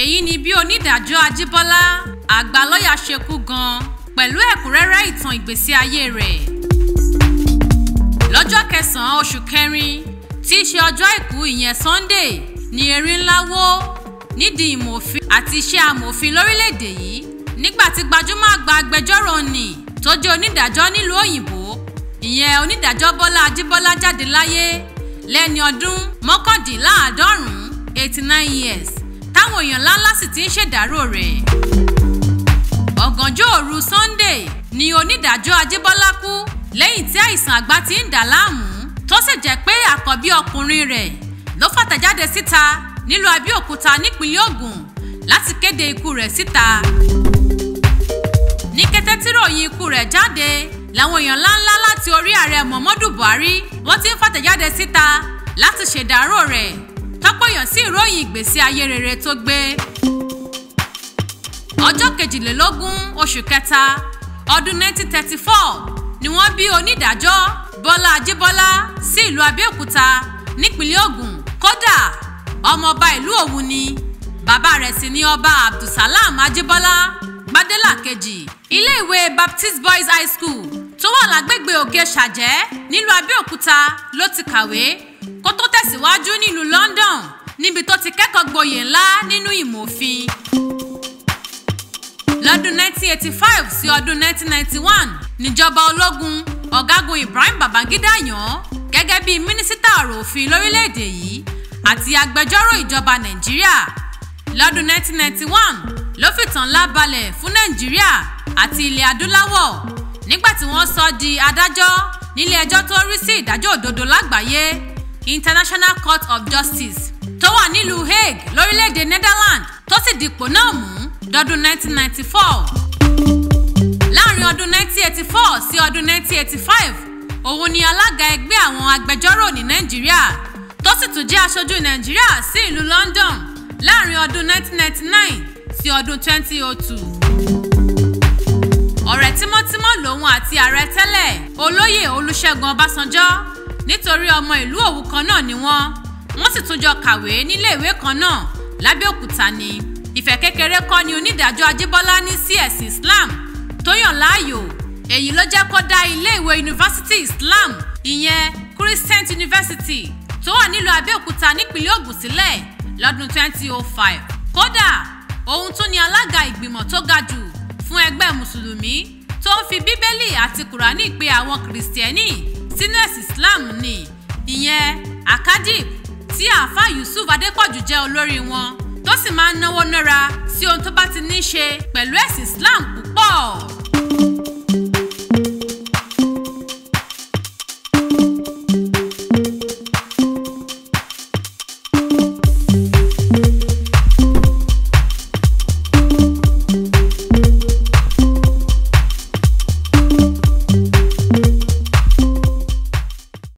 èyí ni bí onídàájọ́ ajíbọ́lá àgbà lọ́ọ̀yà ṣe kú gan pẹ̀lú ẹ̀kúnrẹ́rẹ́ ìtàn ìgbésí ayé rẹ̀ lọ́jọ́ kẹsàn-án oṣù kẹrin tí í ṣe ọjọ́ àìkú ìyẹn sunday ni erin ńlá wó nídìí ìmọ̀fin àti iṣẹ́ amòfin lórílẹ̀‐èdè yìí nígbà tí gbajúmọ̀ àgbà agbẹjọ́rò nì tó jẹ́ onídàájọ́ nílùú òyìnbó ìyẹn onídàájọ́ bọ́lá ajíbọ́lá jáde láyé lẹ́ni ọdún mọ́kàndínláàádọ́rùn-ún eighty nine years táwọn èèyàn ńláńlá sì ti ń ṣèdárò rẹ̀ ọ̀gànjọ́ òru Sunday ni onídàájọ́ Ajíbọ́lá kú lẹ́yìn tí àìsàn àgbà ti ń dà láàmú tó sì jẹ́ pé àkọ́bí ọkùnrin rẹ̀ ló fàtẹ̀jáde síta nílùú Abẹ́òkúta nípínlẹ̀ Ògùn láti kéde ikú rẹ̀ síta ní kété tíròyìn ikú rẹ̀ jáde làwọn èèyàn ńláńlá láti orí ààrẹ Muhammadu Buhari wọ́n ti ń fàtẹ̀jáde síta láti ṣèdárò rẹ̀ kápọ̀yàn sí ìròyìn ìgbésí ayé rere tó gbé ọjọ́ kejìlélógún oṣù kẹta ọdún 1934 ni wọ́n bí onídàájọ́ bọ́lá ajíbọ́lá sí ìlú abẹ́òkúta nípínlẹ̀ ògùn kódà ọmọọba ìlú òwú ni bàbá rẹ̀ sì ni ọba abdulsalam ajíbọ́lá gbadela kejì iléèwé baptist boys high school tó wà lágbègbè òkè ṣàjẹ́ nílùú abẹ́òkúta ló ti kàwé kó tó tẹ̀síwájú nílùú London níbi tó ti kẹ́kọ̀ọ́ gboyè ńlá nínú ìmọ̀ òfin. lọ́dún 1985 sí ọdún 1991 níjọba ológun ọ̀gágun Ibrahim Babangida yàn án gẹ́gẹ́ bíi mínísítà ọ̀rọ̀ òfin lórílẹ̀‐èdè yìí àti agbẹjọ́rò ìjọba Nàìjíríà lọ́dún 1991 ló fìtàn ńlá balẹ̀ fún Nàìjíríà àti ilẹ̀ adúláwọ̀ nígbà tí wọ́n sọ di adájọ́ nílé ẹjọ́ tó rí sí ìdájọ́ òdodo lágbàáyé International Court of Justice tó wà nílùú Hague lórílẹ̀‐èdè Netherlands tó sì dìpò náà mú dọ́dún 1994. Láàrin ọdún 1984 sí ọdún 1985 òun ni alága ẹgbẹ́ àwọn agbẹjọ́rò ní Nàìjíríà tó sì tún jẹ́ aṣojú Nàìjíríà sí ìlú London láàrin ọdún 1999 sí ọdún 2002 ọ̀rẹ́ tímọ́tímọ́ lòun àti ààrẹ tẹ́lẹ̀ olóyè Olúṣẹ́gun Ọbásanjọ́ nítorí ọmọ ìlú Òwu kan náà ni wọ́n wọ́n sì tún jọ kàwé níléèwé kan náà lábẹ́òkúta ni ìfẹ́ kékeré kọ́ ni onídàájọ́ Ajíbọ́lá ní sí Islam tó yàn láàyò èyí ló jẹ́ kó dá iléèwé yunifásitì Islam ìyẹn Christian University tó wà nílùú Abẹ́òkúta nípínlẹ̀ Ògùn sílẹ̀ lọ́dún 2005 kódà òun tún ni alága ìgbìmọ̀ tó ga jù fún ẹgbẹ́ mùsùlùmí tó ń fi bíbélì àti kùránì pe àwọn kìrìsìtẹ́nì Sinus Islam ni ìyẹn akadip tí àáfàá Yusuf Adépọ̀jù jẹ́ olórí wọn tó sì máa ń náwó nára sí ohun tó bá ti ní í ṣe pẹ̀lú ẹ̀sìn Islam púpọ̀.